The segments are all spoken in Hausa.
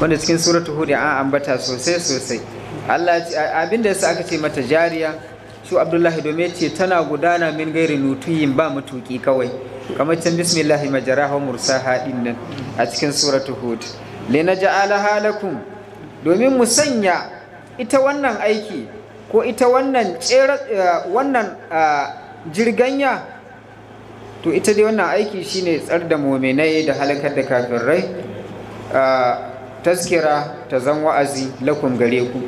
wanda cikin suratu hudu an ambata sosai sosai Allah abinda yasa aka ce mata jariya shi Abdullahi domin ce tana gudana min gairi nutuyin ba mutuki kawai kamar can bismillahi majaraha mursa din nan a cikin suratu hud lina ja'ala halakum domin mu sanya ita wannan aiki ko ita wannan eh, wannan jirganya to ita dai wannan aiki shine tsar da mominai da halakar da kafirai taskira ta zan wa'azi lakum gare ku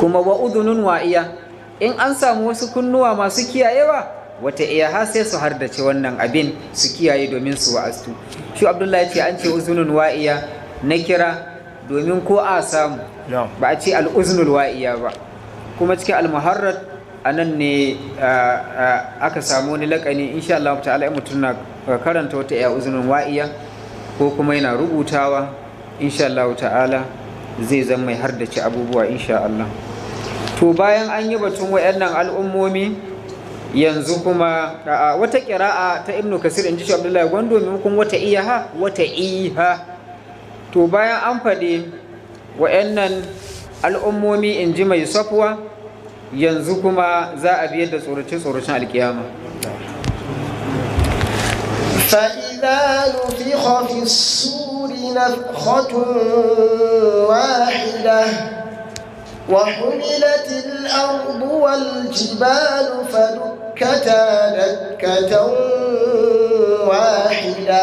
kuma wa udhunun wa'iya in an samu wasu kunnuwa masu kiyayewa wata iya ha sai su hardace wannan abin su kiyaye domin su wa'astu shi abdullahi ce an ce uzunun wa'iya na kira domin ko a samu ba a ce al'uznul wa'iya ba kuma cikin almuharrar a nan ne aka samu wani lakani insha Allah ta'ala mutum na karanta wata iya uzunin wa'iya ko kuma yana rubutawa insha Allah ta'ala zai zan mai hardace abubuwa insha Allah to bayan an yi batun wayannan al'ummomi yanzu kuma wata ƙira'a ta ibnu kasir in ji shi abdullahi gwando maimakon wata iya ha? wata iha to bayan an faɗi wayannan al'ummomi in ji mai safuwa yanzu kuma za a biyar da tsorace-tsoracen alkiyama فإذا نفخ في الصور نفخة واحدة وحملت الأرض والجبال فدكتا دكة واحدة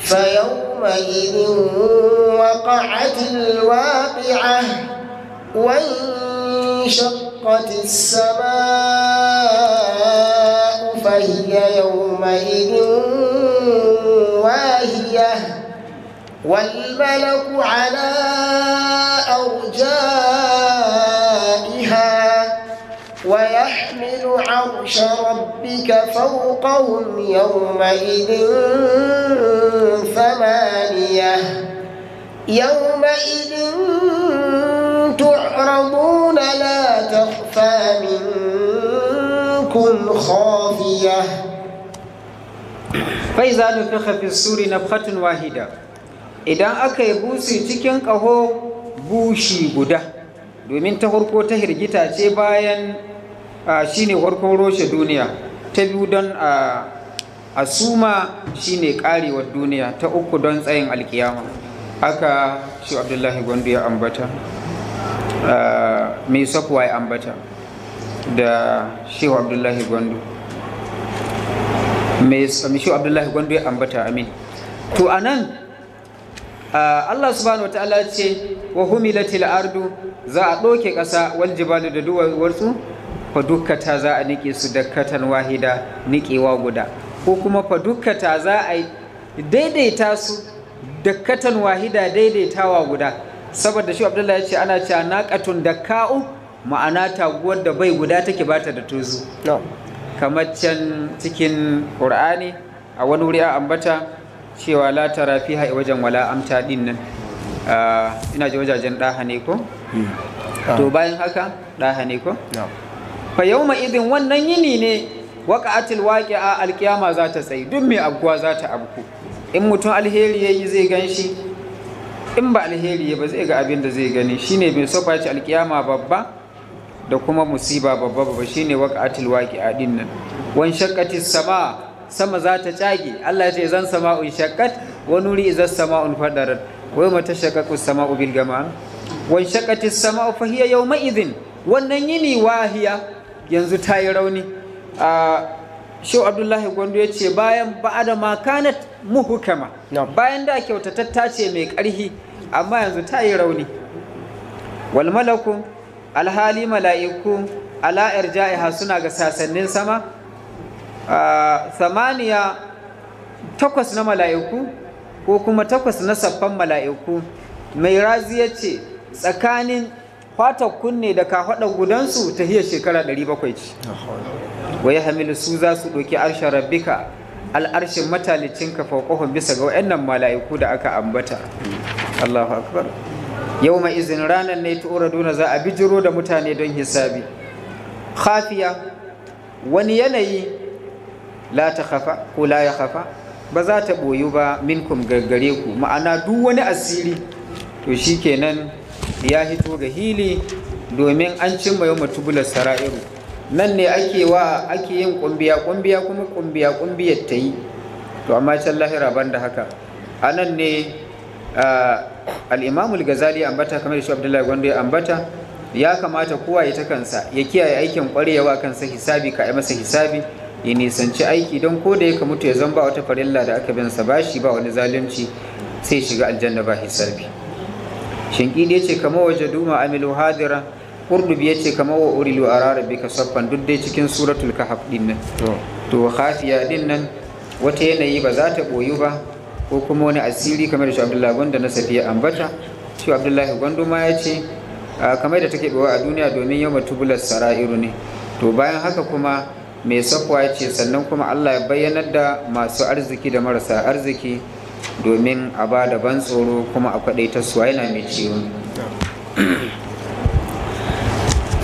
فيومئذ وقعت الواقعة وانشقت السماء فهي يومئذ واهية والملك على أرجائها ويحمل عرش ربك فوقهم يومئذ ثمانية يومئذ تعرضون لا تخفى منكم خافية فإذا نفخ في السور نفخة واحدة idan aka yi busi cikin ƙaho bushi guda domin ta farko ta hirgita ce bayan shi ne farkon roshe duniya ta biyu don a suma shi ne ƙarewar duniya ta uku don tsayin alkiyama Aka shi abdullahi gwandu ya ambata mai safuwa ya ambata da shehu abdullahi gwandu mai shehu abdullahi gwandu ya ambata amin to anan Ah, Allah subhanahu wataala ta'ala ce wa humilatil ardu za a ɗauke ƙasa wal jibalu da duwatsu. fa dukkata za a nike su dakkatan wahida nikewa guda ko kuma fa dukkata za a daidaita su dakkatan wahida daidaitawa guda saboda shi Abdullahi ya ce ana cewa naqatun dakka'u ma'ana taguwar da bai guda take bata da tozu kamar can cikin Qur'ani a wani wuri a ambata cewa la tara fiha wajen wala amta din nan ah, ina ji wajajen ɗaha ne ko hmm. ah. to bayan haka ɗaha ne ko fa ma idin wannan yini ne waƙi a alqiyama za ta tsayi duk mai abuwa za ta abku in mutum alheri yayi zai ganshi in ba alheri ba zai ga abin da zai gani shine bai sofa ci alkiyama babba da kuma musiba babba babba shine waƙa waqi'a din nan wan shaqqatis sama sama za ta cage Allah ya ce zan sama'un shakkat wa nuri izas sama'un fadarat wa yawma tashaqqaqu sama'u bil gama wa shaqqatis sama'u fa hiya yawma idhin wannan yini wahiya yanzu ta yi rauni a Abdullahi Gwandu ya ce bayan ba'ada ma kanat muhukama bayan da ta ce mai karhi amma yanzu ta yi rauni wal malaku alhali mala'iku ala irja'iha suna ga sasannin sama samaniya takwas na mala'iku ko kuma takwas na saffan mala'iku mai razi ya ce tsakanin fatar kunne da kafaɗar gudansu ta hiyar shekara 700 ce hamilu su za su ɗoki arshen rabbika al'arshin kafa fauƙohon bisa ga wayannan mala'iku da aka ambata Allahu akbar yau mai izin ranar ne tura duna za a bijiro da mutane don hisabi khafiya wani yanayi la ta khafa ko la ya khafa ba za ta boyu ba minkum gaggare ku ma'ana duk wani asiri to shi shikenan ya hito ga hili domin an cimma yau matubular sara'iru nan ne ake wa ake yin kumbiya kumbiya kuma kumbiya kumbiya ta yi to amma can lahira ban da haka a nan ne al'imamul gazali ambata kamar shi abdullahi gwando ya ambata ya kamata kowa ya ta kansa ya kiyaye aikin kwarewa kansa hisabi ka masa hisabi ya nisanci aiki don ko da yake mutu ya zan ba wata farilla da aka bin sa ba shi ba wani zalunci sai shiga aljanna ba hisabi shinkidi yace kamar waje duma amilu hadira qurdubi yace kamar wa urilu arara bika saffan duk dai cikin suratul kahf din nan to khafiya din nan wata yanayi ba za ta boyu ba ko kuma wani asiri kamar da shi abdullahi gondo na safiya ambata shi abdullahi gondo ma ya kamar da take bawa a duniya domin yau matubular sara'iru ne to bayan haka kuma mai safuwa ce sannan kuma Allah ya bayyanar da masu arziki da marasa arziki domin a ba da ban tsoro kuma a kwaɗaita suwa yana mai ciwo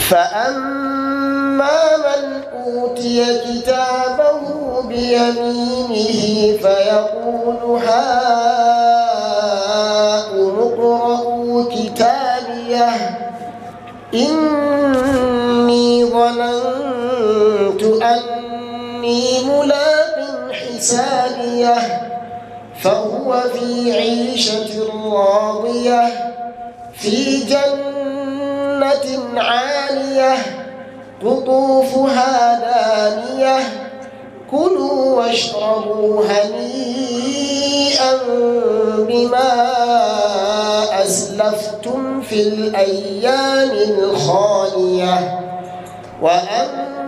فأما من أوتي كتابه بيمينه فيقول هاؤم اقرءوا كتابيه إني ظننت أني ملاق حسابيه فهو في عيشة راضية في جنة عالية قطوفها دانية كلوا واشربوا هنيئا بما أسلفتم في الأيام الخالية وأما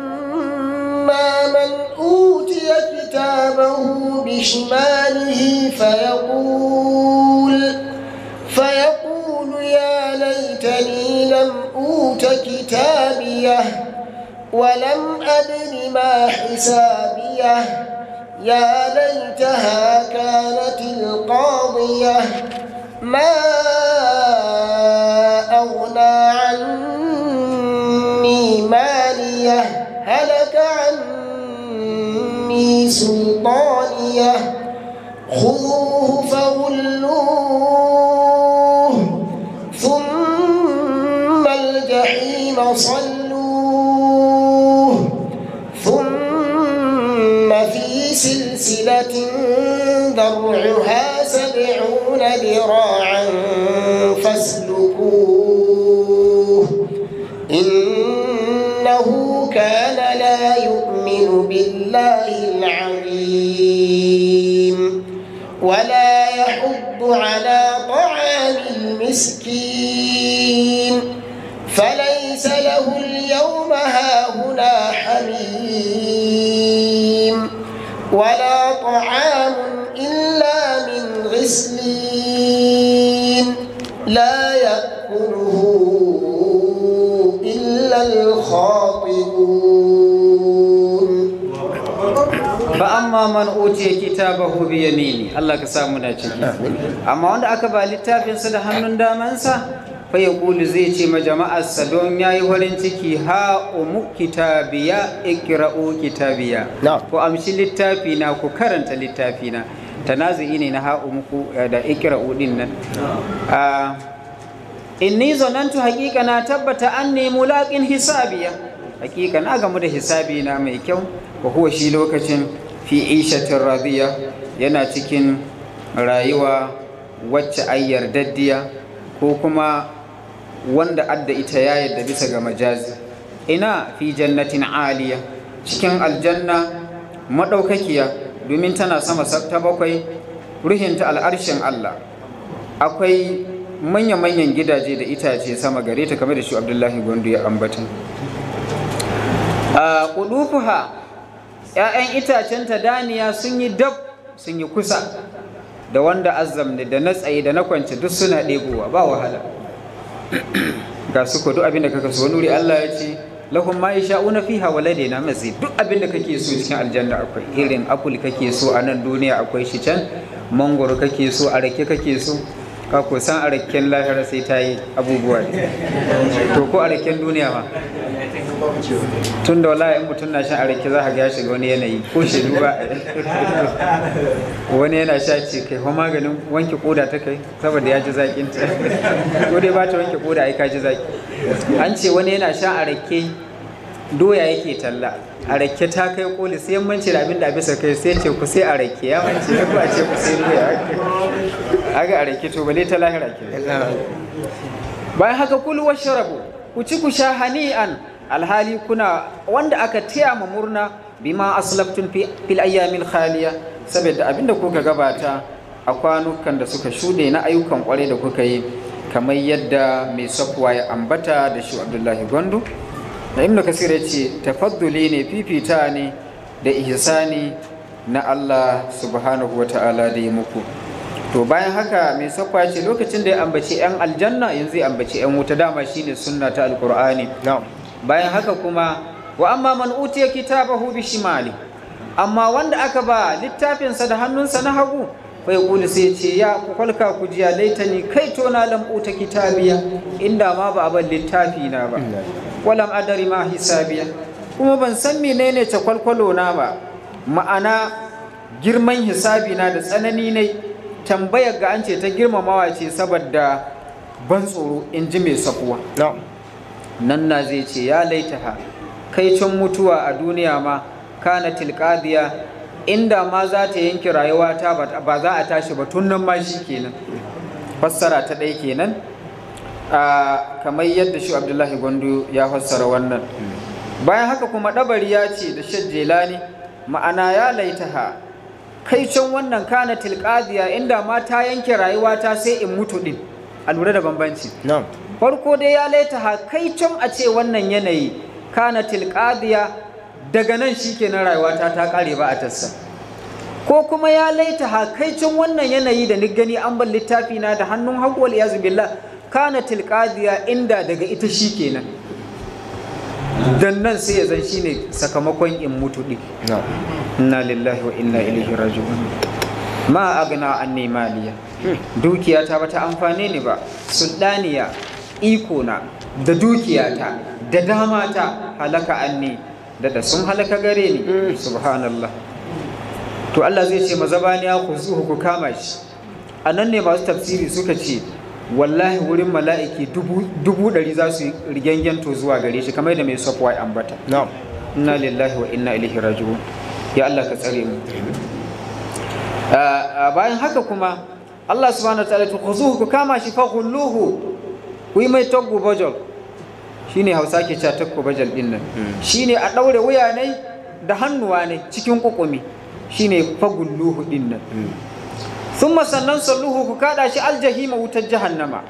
أما من أوتي كتابه بشماله فيقول فيقول يا ليتني لم أوت كتابيه ولم أدر ما حسابيه يا ليتها كانت القاضية ما fa amma man utiya kitabahu bi yamini Allah ka samu da ciki amma wanda aka ba littafin sa da hannun damansa fa yaqulu zai ce ma jama'arsa don yayi horin ciki ha umu kitabiya ikra'u kitabiya ku amshi littafi na ku karanta littafi na tanazi'i ne na ha ku eh, da ikra'u din nan ah, inni zanantu haqiqa na tabbata an nemi laƙin hisabiya haqiqa na gamu da hisabi na mai kyau ko huwa shi lokacin fi ishatin radiya yana cikin rayuwa wacce ai yardaddiya ko kuma wanda adda ita ya yadda bisa ga majazi ina fi jannatin aliya cikin aljanna maɗaukakiya domin tana sama ta bakwai ruhinta al'arshin Allah akwai manya-manyan gidaje da itace sama gare ta kamar da shi abdullahi gwandu ya ambata a ƙudufuha ‘ya'yan itacen ta daniya sun yi dab sun yi kusa da wanda azam ne da na tsaye da na kwance duk suna ɗebowa ba wahala ga su ko duk abin da kaka wani wuri Allah ya ce lahun ma fi hawala wa na mazi duk abin da kake so cikin aljanna akwai irin apple kake so a nan duniya akwai shi can mangoro kake so a rake kake so ka a raken lahira sai ta yi abubuwa to ko a raken duniya ma tun da wala in mutum na shan arake za ka ga shiga wani yanayi ko shi duba wani yana sha ce kai ho maganin wanke koda ta kai saboda ya ji zakin ta ko dai ba ta wanke koda ai ka ji zaki an ce wani yana shan arake doya yake talla arake ta kai koli sai mance da abin da bisa kai sai ce ku sai arake. ya mance da ku a ce ku sai doya aga a arake to bale ta lahira ke bayan haka kulu washrabu ku ci ku sha hani'an alhali kuna wanda aka taya ma murna bima aslabtum fil ayyamil khaliya saboda abinda kuka gabata a kwanukan da suka shude na ayyukan kware da kuka yi kamar yadda mai sakwa ya ambata da shi Abdullahi Gondo da Ibn Kasir ya ce tafadduli ne fifita ne da ihsani na Allah subhanahu wata'ala da ya muku to bayan haka mai sakwa ce lokacin da ya ambaci yan aljanna yanzu ya ambaci yan wuta dama shine sunna ta alqur'ani bayan haka kuma wa amma man utiya kitabahu bi shimali amma wanda aka ba littafinsa da hannunsa na hagu bai kuli sai ce ya kwalka ku jiya laitani kai to na lam uta kitabiya inda ma ba ban littafi na ba walam adari ma hisabiya kuma ban san menene ta kwalkwalo na ba ma'ana girman hisabi na da tsanani ne tambayar ga an ce ta girmamawa ce saboda ban tsoro in ji mai safuwa nan na zai ce ya laitaha kai can mutuwa a duniya ma kana tilkadiya inda ma za ta yanki rayuwa ta ba za a tashi ba tun nan ma shi kenan fassara ta ɗaya kenan kamar yadda shi abdullahi gwandu ya fassara wannan bayan haka kuma ɗabari ya ce da ne ma'ana ya ha kai can wannan kana tilkadiya inda ma ta yanke rayuwa ta sai in mutu din a lura da bambanci farko dai ya laita hakaicin a ce wannan yanayi kana tilkadiya daga nan shikenan rayuwa ta kare ba a tassa ko kuma ya laita hakaicin wannan yanayi da ni gani an bar littafi na da hannun hagu wal yazu billah kana tilkadiya inda daga ita shikenan dan nan sai ya zan shine sakamakon in mutu din inna lillahi wa inna ilaihi raji'un ma agna anni maliya hmm. dukiya ta bata amfane ni ba sultaniya ikona da dukiyata da damata halaka anni da da sun halaka gare ni mm. subhanallah to Allah zai ce mazabaniya ku zuhu ku kama shi a nan ne masu tafsiri suka ce wallahi wurin mala'iki dubu ɗari za su rigengento zuwa gare shi kamar da mai sofwa ambata inna lillahi wa inna ilaihi raji'un ya Allah ka tsare mu bayan haka kuma Allah subhanahu wa ta'ala ku zuhu ku kama shi fa kulluhu Kuyi mai taggu bajal shine hausa ke cewa taggu bajal din nan hmm. shine a daure wuya ne da hannuwa ne cikin ne shine luhu din nan hmm. thumma sannan salluhu ku kaɗa shi aljahima wutar jahannama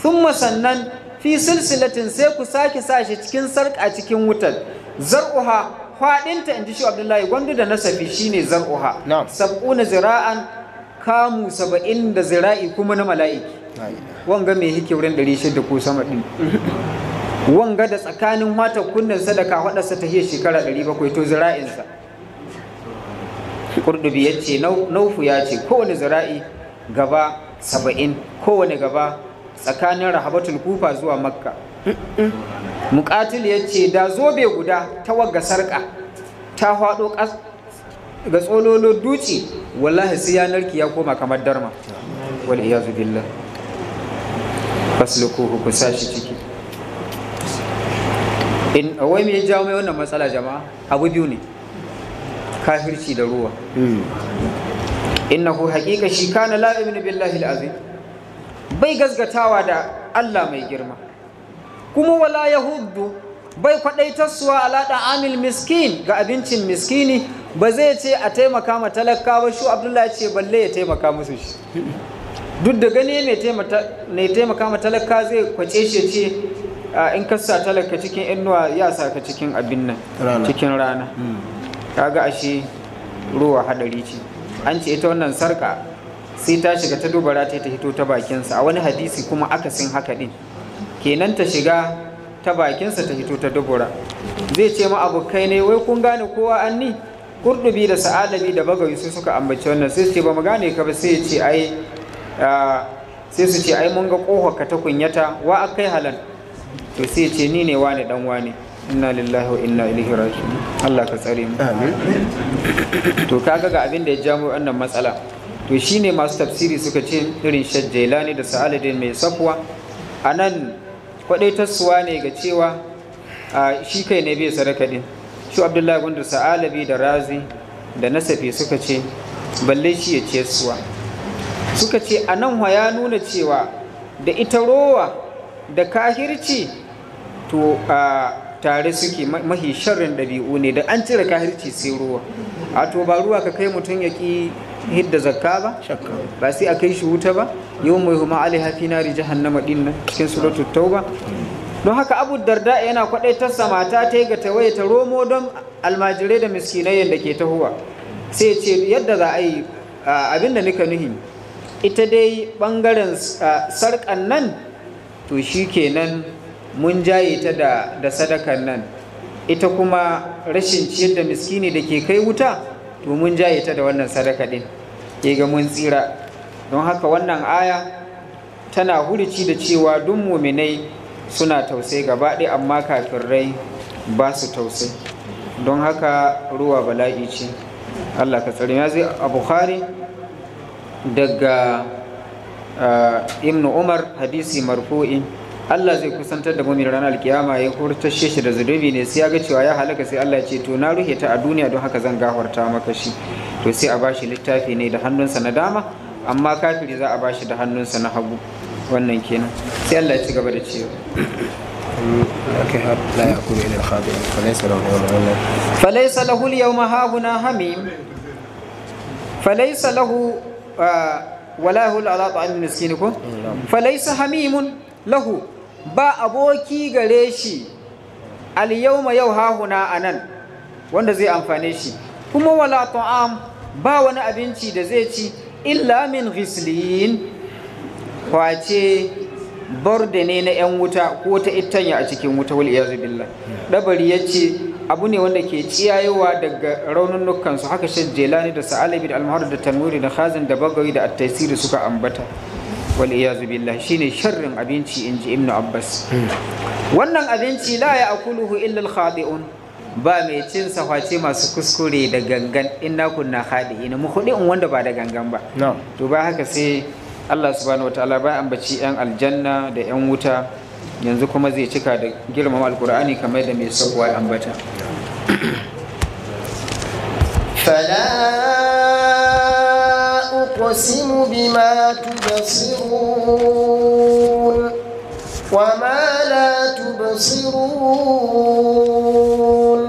Sun hmm. sannan fi silsilatin sai ku sake sa shi cikin sarka cikin wutar zar'uha fadinta inji shi abdullahi gwandu da nasafi shine zar'uha sab'una zira'an kamu saba'in da zira'i kuma na mala'iki wanga mai hike wurin ɗari shida ko sama ɗin wanga da tsakanin mata kunnen sadaka waɗansa ta hiyar shekara ɗari bakwai to zira'insa ƙurɗubi ya ce naufu ya ce kowane zira'i gaba saba'in kowane gaba tsakanin rahabatul kufa zuwa makka muƙatil ya ce da zobe guda ta wagga sarƙa ta faɗo ga tsololo duci wallahi sai ya ki ya koma kamar darma wal iyazu billah fasluku ku sashi ciki in awai me ya mai wannan matsala jama'a abu biyu ne kafirci da ruwa hmm. innahu haqiqa shi kana la ibn billahi al-azim bai gazgatawa da Allah mai girma kuma wala yahuddu bai kwadaitarsuwa ala da amil miskin ga abincin miskini ba zai ce a taimaka ma talaka ba? shu abdullahi ce balle ya taimaka musu shi duk da gani mai taimaka ma talaka zai kwace shi ce in ka sa talaka cikin inuwa ya sa cikin abin nan cikin rana hmm. ga ashe ruwa hadari ce an ce ita wannan sarka sai ta shiga ta dubara ta ta hito ta bakinsa a wani hadisi kuma aka sin haka din kenan ta shiga ta bakinsa ta hito ta dubura zai ce ma abokai ne wai kun gane kowa an ni kurdubi da sa'alabi da bagawi su suka ambaci wannan sai su ce ba mu gane ka ba sai ya ce ai sai su ce ai mun ga kohar ka ta kunyata wa akai halal to sai ya ce ni ne wane dan wani inna lillahi wa inna ilaihi raji'un Allah ka tsare mu amin to kaga ga abin da ya jamo wannan matsala to shine masu tafsiri suka ce irin shajjailani da sa'aladin mai safwa anan kwadaitarsuwa ne ga cewa shi kai ne bai sadaka din su abdullahi gundu sa'alabi da razi da nasafi suka ce balle shi ya ce suwa suka ce a nan ya nuna cewa da ita rowa da kahirci to a tare suke mahi sharrin ɗabi'u ne da an cire kahirci sai ruwa a to ba ruwa ka kai mutum ya ƙi hidda zakka ba ba sai a kai shi wuta ba yau mai huma na na nari na maɗin nan cikin suratul tauba don haka abu darda yana ta samata ta ga tawaye ta romo don almajirai da miskinai da ke tahowa sai ce yadda za a yi abin da nika nuhi ita dai ɓangaren sarkan nan to shi kenan mun jaye ta da sadakan nan ita kuma rashin ciyar da miskini da ke kai wuta to mun jaye ta da wannan sadaka ɗin ke ga mun tsira don haka wannan aya tana hurici da cewa duk muminai suna tausai gaba ɗaya amma kafirai ba su tausai don haka ruwa bala'i ce allah ka tsari ya zai a bukhari daga imnu umar hadisi marfu'in allah zai kusantar da mumin ranar alkiyama ya hurtashe shi da zunubi ne sai ya ga cewa ya halaka sai allah ce to na ruhe ta a duniya don haka zan gafarta maka shi to sai a bashi littafi ne da hannunsa na dama amma kafiri za a bashi da hannunsa na hagu wannan kenan sai Allah da cewa uh, hamimun lahu ba aboki gare shi al yau ma yau hahuna a nan wanda zai amfane shi kuma wala ta'am ba wani abinci da zai ci illa min ghisliyin kwace borde ne na 'yan wuta ko ta ittanya a cikin wuta wal iyazu billah dabari ya abu ne wanda ke tsiyayewa daga raunin su haka shan jelani da sa'alabi da almahar da tanwuri da khazin da bagawi da suka ambata wal iyazu billah shine sharrin abinci inji ji ibnu abbas wannan abinci la ya akuluhu illa al khadi'un ba mai cin sa masu kuskure da gangan inna kunna khadi'ina mu in wanda ba da gangan ba to ba haka sai Allah subhanahu wataala ba ambaci yan aljanna da yan wuta yanzu kuma zai cika da girmama alkur'ani kamar da mai sabuwa ambata fala uqsimu bima tubsirun ma la tubsirun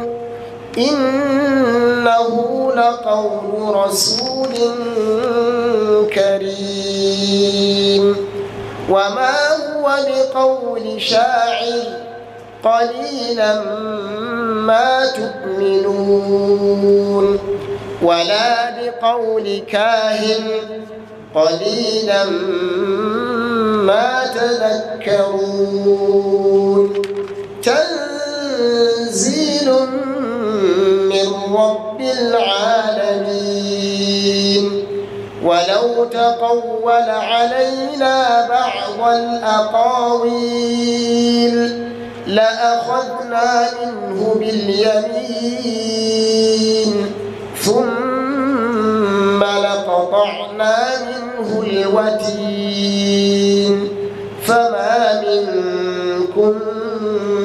innahu laqawlu rasulin karim وما هو بقول شاعر قليلا ما تؤمنون ولا بقول كاهن قليلا ما تذكرون تنزيل من رب العالمين ولو تقول علينا والأقاويل لأخذنا منه باليمين ثم لقطعنا منه الوتين فما منكم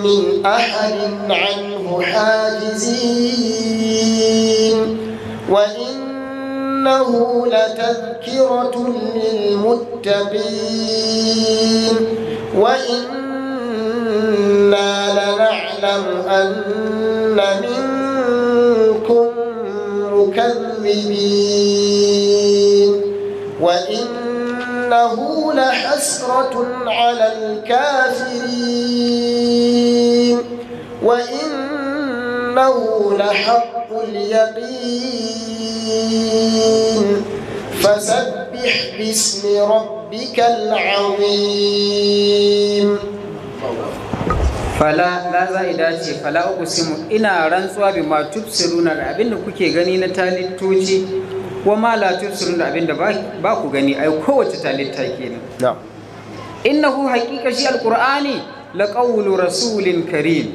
من أحد عنه حاجزين وإن وإنه لتذكرة للمتقين وإنا لنعلم أن منكم مكذبين وإنه لحسرة على الكافرين وإنه لحق اليقين فسبح باسم ربك العظيم fala la za'ida ce fala uqsimu ina rantsuwa bi ma tubsiruna da abinda kuke gani na talittoci ko ma la tubsiruna da abinda ba ku gani ai kowace talitta kenan na'am innahu haqiqa shi alqur'ani la qawlu rasulin karim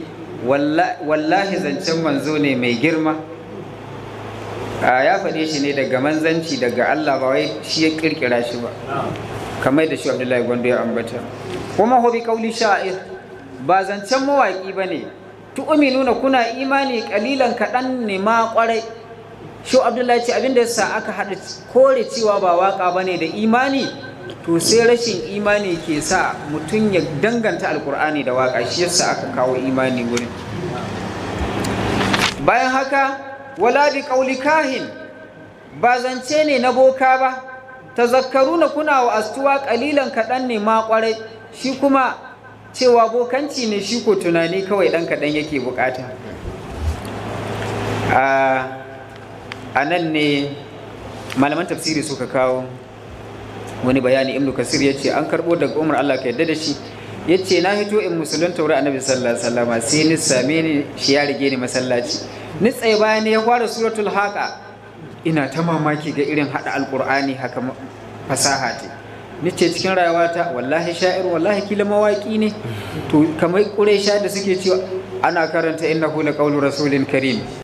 wallahi zancen manzo ne mai girma ya faɗe shi ne daga manzanci daga Allah ba wai shi ya kirkira shi ba kamar da shi Abdullahi Gwando ya ambata kuma hobi kauli sha'ir ba zancen mawaƙi ba ne nuna kuna imani kalilan kaɗan ne ma ƙwarai shi Abdullahi ce abinda yasa aka haɗa kore cewa ba waƙa ba ne da imani to sai rashin imani ke sa mutum ya danganta alkur'ani da waƙa shi yasa aka kawo imani wurin bayan haka wala bi kahin ba zance ne na boka ba ta zakkaru na kuna wa astuwa kalilan kaɗan ne ma ƙwarai shi kuma cewa bokanci ne shi ko tunani kawai ɗan kaɗan yake bukata a nan ne malaman tafsiri suka kawo wani bayani ibnu kasir ya ce an karɓo daga umar allah ka yadda da shi ya ce na hito in musulun taurari annabi sallallahu alaihi sai ni same ni shi ya rige ni masallaci tsaye baya ne ya fara suratul haka. ina ta mamaki ga irin hada alkur'ani haka fasaha ce cikin rayuwata wallahi sha'ir wallahi kila mawaki ne to kamar sha da suke cewa ana karanta innahu ƙaunar rasulin karim